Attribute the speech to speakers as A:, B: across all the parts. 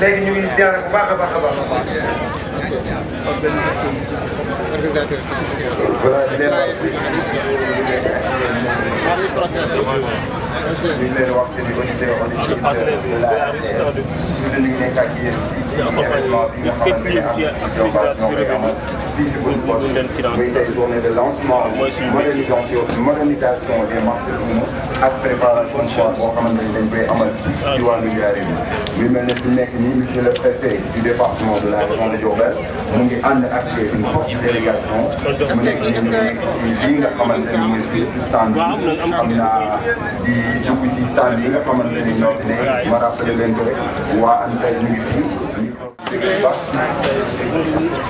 A: léegi ñu ngi ziare bu baax a baax a baax. voilà di leen di accompagner képp ku yëngu ci activité su revenu pour pour leen financer waaw mooy suñu métier. ak
B: préparation boo xamante ni dañ koy amal ci wàllu jaaree bi. lu mel ne fi nekk nii monsieur
A: le préfet du département de la région de Diourbel mu ngi ànd ak une forte délégation. mu nekk nii nga xamante ni mooy si stand bi xam naa di dugg ci stand yi nga xamante ni ñoo fi nekk ma rappelé leen ko rek waa ANCAR ñu ngi
B: fi. ています。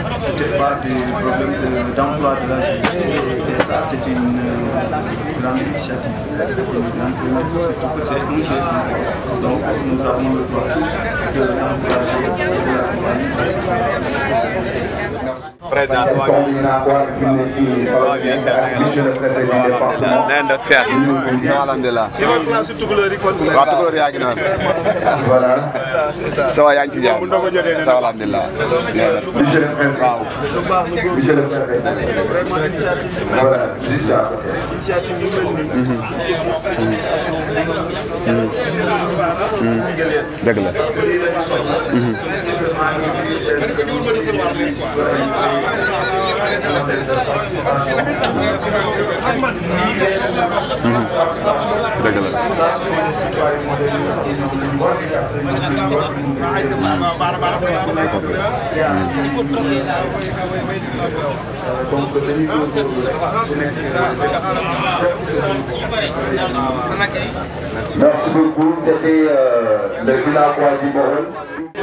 B: peut-être pas du problème d'emploi de la jeunesse. Et ça, c'est une euh, grande initiative. Surtout que c'est un jeu Donc, nous avons le droit tous
A: de l'encourager et de l'accompagner. président waaw bien seet na ngeen def seet alhamdulilah waaw tukulóor yaa ngi noonu ça va yaa ngi ci jàmm ça va alhamdulilah waaw
B: dëgg la la merci beaucoup c'était euh, le du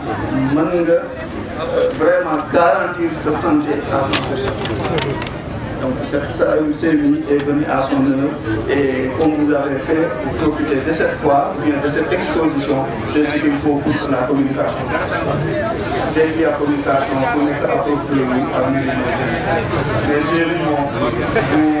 B: vraiment garantir sa santé à son chef Donc cette cérémonie est venue à son œuvre. et comme vous avez fait, vous profitez de cette fois, bien de cette exposition, c'est ce qu'il faut pour la communication. Dès qu'il y a communication, on est à peu près à Mais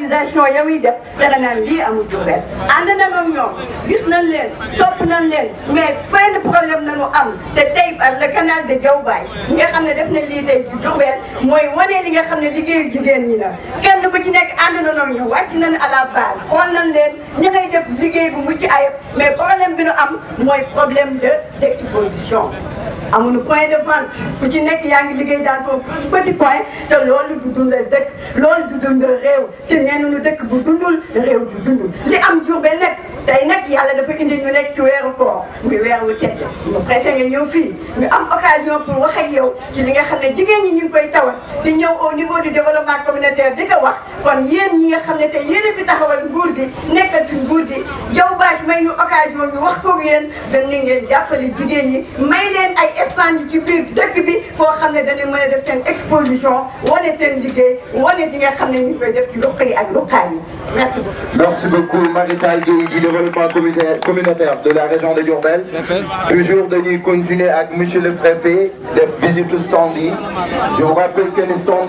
C: réalisation ya muy def danga naan lii amul Diourbel ànd na ak ñoom gis nañ leen topp nañ leen mais benn problème nañu am te tey le canal de Diaoubaye ñi nga xam ne def na lii tey Diourbel mooy wane li nga xam ne liggéeyu jigéen ñi la kenn ku ci nekk ànd na ak ñoom wàcc nañ à la base xool nañ leen ñi ngay def liggéey bu mucc ayib mais problème bi nu am mooy problème de d'exposition amuñu point de vente ku ci nekk yaa ngi liggéey dans ton petit point te loolu du dundal dëkk loolu du dundal réew te dëkk bu dundul réew du li am Diourbel nag tey nag yàlla dafa indi ñu nekk ci weeru koor muy weer wu tedd mu préfet nga ñëw fii ñu am occasion pour wax ak yow ci li nga xam ne jigéen ñi ñu ngi koy tawat di ñëw au niveau du développement communautaire di ko wax kon yéen ñi nga xam yéen a fi taxawal nguur gi nekkal fi nguur gi jaw baaj may bi wax ko yéen dañ ni ngeen jàppale jigéen ñi may leen
B: merci beaucoup. merci beaucoup Marita du développement communautaire de la région de Diourbel. toujours de continuer avec monsieur le préfet de visite stand je vous rappelle que stand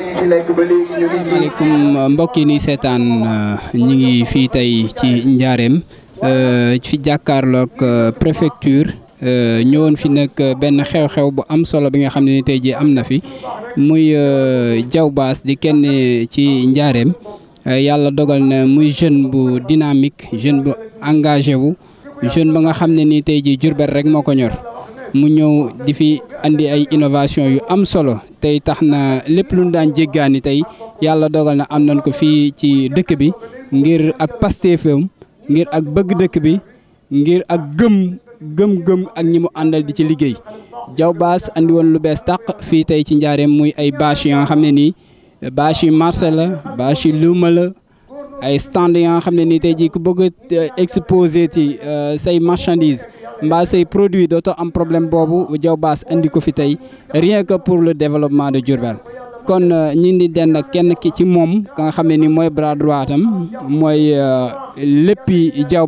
B: euh, euh, euh, préfecture. Euh, ñëwoon fi nag benn xew-xew bu am solo bi nga xam ne ni tey jii am na fi muy euh, Diaw Baas di kenn ci njaareem euh, yàlla dogal na muy jeune bu dynamique jeune bu engagé wu jeune ba nga xam ne ni tey jii Jurbel rek moo ko ñor mu ñëw di fi indi ay innovation yu am solo tey tax na lépp lu ñu daan jéggaani tey yàlla dogal na am nañ ko fii ci dëkk bi ngir ak pastéefam ngir ak bëgg dëkk bi ngir ak gëm gëm-gëm ak ñi mu àndal di ci liggéey jaw baas andi woon lu bees tàq fii tey ci njaareem muy ay bâche yoo xam ne nii bâche yu marché la bâche yi luuma la ay stand yoo xam ne nii tey jii ku bëgg a euh, exposé ci euh, say marchandise mbaa say produit dooto am problème boobu jaw baas andi ko fi tey rien que pour le développement de Diourbel kon euh, ñi ngi dend kenn ki ci moom ka nga xam ne nii mooy bras droitam mooy léppi jaw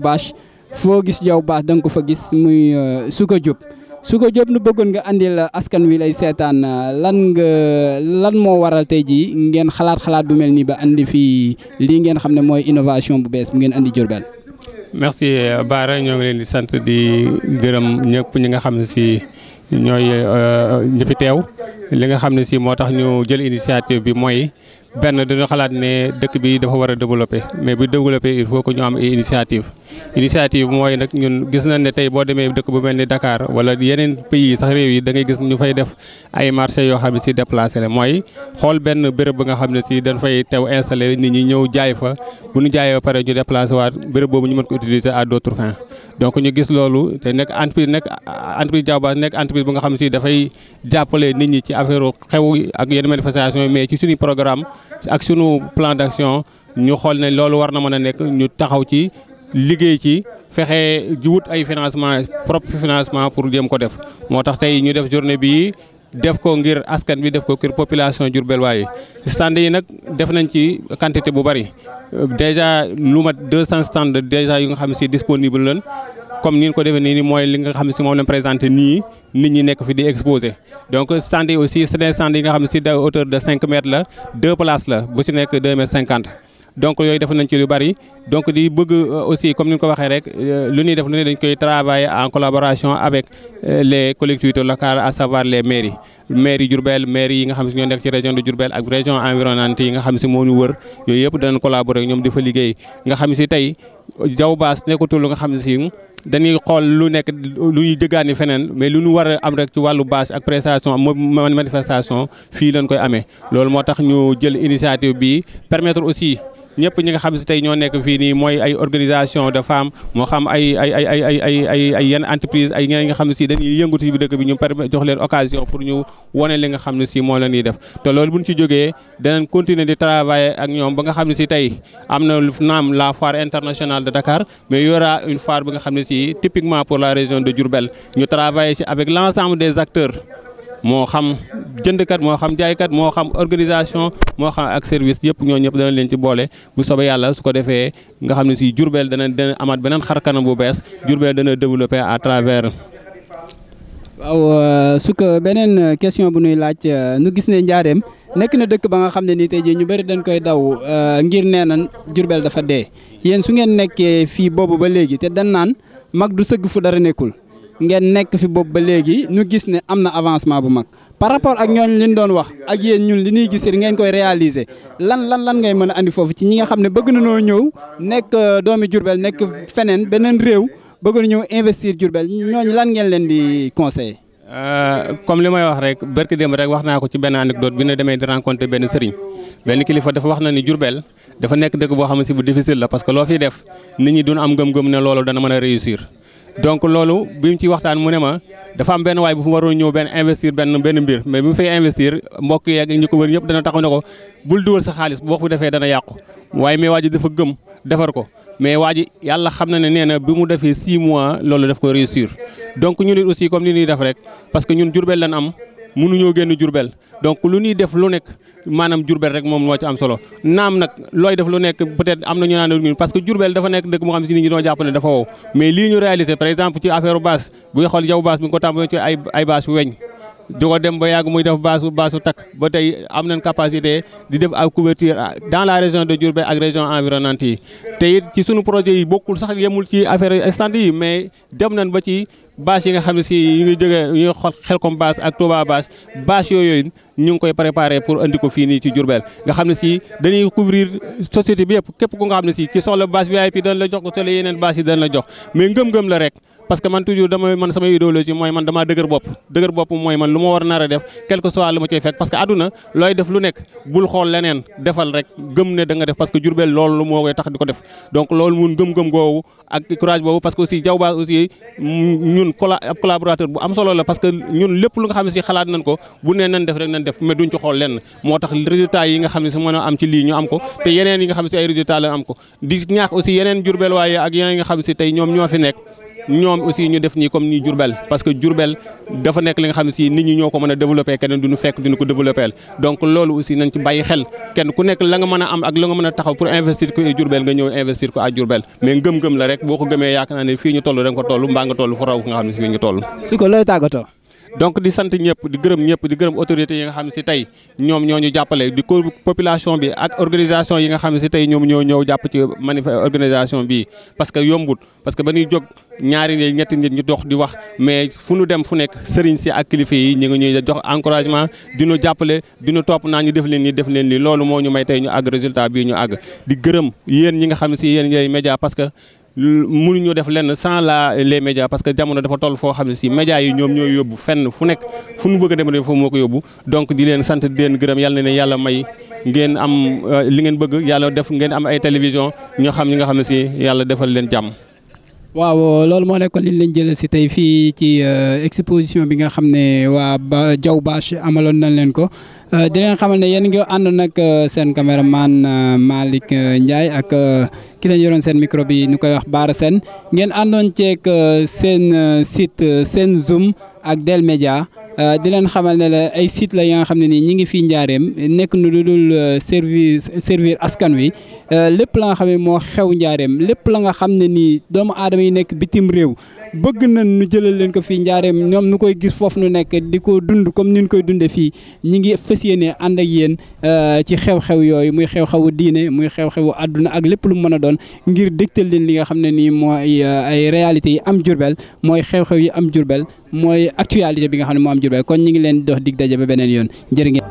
B: foo gis jaw baax da ko fa gis muy su euh, ko Souka su ko Diop nu bëggoon nga andil askan wi lay seetaan euh, lan nga lan moo waral tey jii ngeen xalaat xalaat bu mel nii ba andi fii lii ngeen xam ne mooy innovation bu bees bu ngeen andi Diourbel.
A: merci euh, Bara ñoo ngi leen di sant di gërëm ñëpp ñi nga xam ne si ñooy ñi teew li nga xam ne si moo tax ñu jël initiative bi mooy benn dañu xalaat ne dëkk bi dafa war a mais bu développer il faut que ñu am initiative. initiative mooy nag ñun gis nañ ne tey boo demee dëkk bu mel ni Dakar wala yeneen pays yi sax réew yi da ngay gis ñu fay def ay marché yoo xam ne si déplacé la mooy xool benn béréb ba nga xam ne si dañ fay tew installé nit ñi ñëw jaay fa bu ñu jaayee ba pare ñu déplacé waat béréb boobu ñu mën ko utiliser ñu gis loolu te nekk entreprise nekk entreprise affaire xew ak yenn manifestation yi mais ci suñuy programme ak suñu plan d'action ñu xool ne loolu war na mën a nekk ñu taxaw ci liggéey ci fexe wut ay financement propre financement pour jéem ko def moo tax tey ñu def journée bii def ko ngir askan bi def ko ngir population Diourbel waaye stand yi nag def nañ ci quantité bu bari déjà lu mat deux 200 stand déjà yu nga xam si disponible lan comme nous ñu ko ni nii mooy li nga xam ne si ni ni présenté nii nit ñi nekk fi di donc stand aussi c'est un stand qui nga xam da hauteur de cinq mètres la deux places la bu si nekk deux mètres cinquante donc il def nañ ci lu bari donc di bëgg euh, aussi comme nous avons ko waxee rek euh, lu ñuy def lu ne dañ koy travailler en collaboration avec euh, les collectivités locales à savoir les mairies mairie Diourbel mairie yi nga xam ñoo ci région de Diourbel ak région environnante yi nga xam si moo ñu wër yooyu yëpp danañ collaborer ñoom di fa liggéey nga xam si jaw baas nekkatul lu nga xam ne si dañuy xool lu nekk lu ñuy dëggaani feneen mais lu ñu war am rek ci wàllu bâche ak prestation manifestation fii lañ koy amee loolu moo tax ñu jël initiative bi permettre aussi ñëpp ñi nga xam si tey ñoo nekk fii nii mooy ay organisation de femmes moo xam ay ay ay ay ay ay ay yenn entreprise ay ñeneen nga xam ne si dañuy yëngatu bi dëkk bi ñu permet jox leen occasion pour ñu wone li nga xam ne si moo la ñuy def te loolu buñ ci jógee danañ continuer di travailler ak ñoom ba nga xam ne si tey am na naam la foire internationale de Dakar mais y aura une foire bi nga xam ne si typiquement pour la région de Diourbel ñu travailler si avec l'ensemble des acteurs moo xam jëndkat moo xam jaaykat moo xam organisation moo xam ak service yëpp ñoo ñëpp dana leen ci boole bu soobee yàlla su ko defee nga xam ne si Diourbel dana dana amaat beneen xar kanam bu bees Diourbel dana développé à travers.
B: waaw euh, su ko beneen question bu nuy laaj euh, nu gis ne Njaareem nekk na dëkk ba nga xam ne nii tey jii ñu bëri dañ koy daw euh, ngir nee nan Diourbel dafa dee yéen su ngeen nekkee fii boobu ba léegi te dan naan mag du sëgg fu dara nekkul. ngeen nek fi bobu ba ñu gis ne amna avancement bu mag par rapport ak ñooñ liñ doon wax ak yéen ñun li ñuy gis ngeen koy réaliser lan lan lan ngay mëna andi fofu ci ñi nga xamne ne bëgg na noo ñëw nek euh, doomi jurbel nek fenen benen rew bëgg na investir jurbel ñooñu
A: lan ngeen leen di conseiller. Euh, comme li may wax rek barki dem rek waxna ko ci ben anecdote bi ne demay di rencontrer ben serigne ben kilifa dafa waxna na ni jurbel dafa nek deug bo xamni ci bu difficile la parce que lo fi def nit ñi duñ am gëm-gëm ne lolu dana mëna réussir. donc loolu bi mu ci waxtaan mu ne ma dafa am benn waay bu fu waroon ñëw benn investir benn benn mbir mais bi mu fay investir mbokk yeeg ñu ko wër ñëpp dana taxaw ne ko bul dugal sa xaalis boo ko defee dana yàqu waaye mais waa ji dafa gëm defar ko mais waa ji yàlla xam na ne nee na bi mu defee 6 mois loolu daf ko réussir donc ñun it aussi comme ni ñuy def rek parce que ñun Jurbel lan am. mënuñoo génn Jurbel donc lu ñuy def lu nekk maanaam Jurbel rek moom moo ci am solo naam nag looy def lu nekk peut-être am na ñu naan parce que Jurbel dafa nekk dëkk moo xam si nit ñi doon jàpp ne dafa wow mais lii ñu réalisé par exemple ci affaire bâche bu nga xool yow bâche bi nga ko tàmbalee ci ay ay bâche weñ du dem ba yàgg muy def baasu baasu takk ba tey am nañ capacité di def ak couverture dans la région de Diourbel ak région environnante yi te it ci sunu projet yi bokkul sax yemul ci affaire stand yi mais dem nañ ba ci bâche yi nga xam ne si yi ngi jógee yi nga xel comme bâche ak Touba bâche bâche yooyu ñu ngi koy préparé pour andi ko fii nii ci Diourbel nga xam ne si dañuy couvrir société bi yëpp képp ku nga xam ne si ki soxla bâche VIP dañ la jox ko soxla yeneen bâche yi dañ la jox mais ngëm-ngëm la rek parce que man toujours damay man sama idéologie mooy man damaa dëgër bopp dëgër bopp mooy man lu ma war nar a def quel soit lu ma cay fekk parce que àdduna looy def lu nekk bul xool leneen defal rek gëm ne da def parce que Diourbel loolu ñun lépp lu nga xam ne daan def mais duñ ci xool lenn moo tax résultat yi nga xam ne a am ci lii ñu am ko te yeneen yi nga xam ne si ay résultat la am ko di ñaax aussi yeneen jurbel waaye ak yeneen nga xam ne nit ñi ñoo ko mën a développé keneen du ñu fekk du ñu ko développé donc loolu aussi nañ ci bàyyi xel kenn ku nekk la nga mën a am ak la nga mën a taxaw pour investir ko Diourbel nga ñëw investir ko à Diourbel mais ngëm-ngëm la rek boo ko gëmee yaakaar naa ne fii ñu toll donc di sant ñëpp di gërëm ñëpp di gërëm autorités yi nga xam ne si tey ñoom ñoo ñu jàppale di ko population bi ak organisation yi nga xam si tey ñoom ñoo ñëw jàpp ci manif organisation bi parce que yombut parce que ba ñuy jóg ñaari nit ñetti nit ñu dox di wax mais fu nu dem fu nekk sëriñ si ak kilifa yi ñu ngi ñuy jox encouragement dinu jàppale dinu topp naa ñu def leen nii def leen nii loolu moo ñu may tey ñu àgg résultat bii ñu àgg di gërëm yéen mënuñu def lenn sans la les médias parce que jamono dafa toll foo xam ne si médias yi ñoom ñooy yóbbu fenn fu nekk fu nu bëgg a dem foofu moo ko yóbbu donc di leen sant di gërëm yàlla na ne yàlla may ngeen am euh, li ngeen bëgg yàlla def ngeen am ay télévision ñoo xam ñi nga xam ne si yàlla defal leen jàmm
B: waaw loolu moo nekkoon liñ leen jëlee si tey fii ci euh, exposition bi nga xam ne waa ba Diaw Bache amaloon nañ leen ko euh, di leen xamal ne yéen ngi ànd nag euh, seen caméraman Malick Ndiaye ak ki leen yoroon seen micro bi ñu koy wax Baara seen ngeen àndoon ceeg seen site seen Zoom ak Del Média Euh, di leen xamal ne la ay site la ya nga xam ne nii ñi ngi fii njaareem nekk nu lu dul euh, service servir askan wi euh, lépp la nga xam ne xew njaareem lépp la nga xam ne nii doomu aadama yi nekk bitim réew bëgg nañ nu jëlal leen ko fii njaareem ñoom nu koy gis foofu nu nekk di ko dund comme ni ñu koy dundee fii ñi ngi fas yéene ànd ak yéen ci xew-xew yooyu muy xew-xewu diine muy xew-xewu àdduna ak lépp lu mën a doon ngir dégtal leen li nga xam ne nii mooy ay réyalité yi am Jurbel mooy xew-xew yi am Jurbel am Diourbel kon ñu ngi daje ba beneen yoon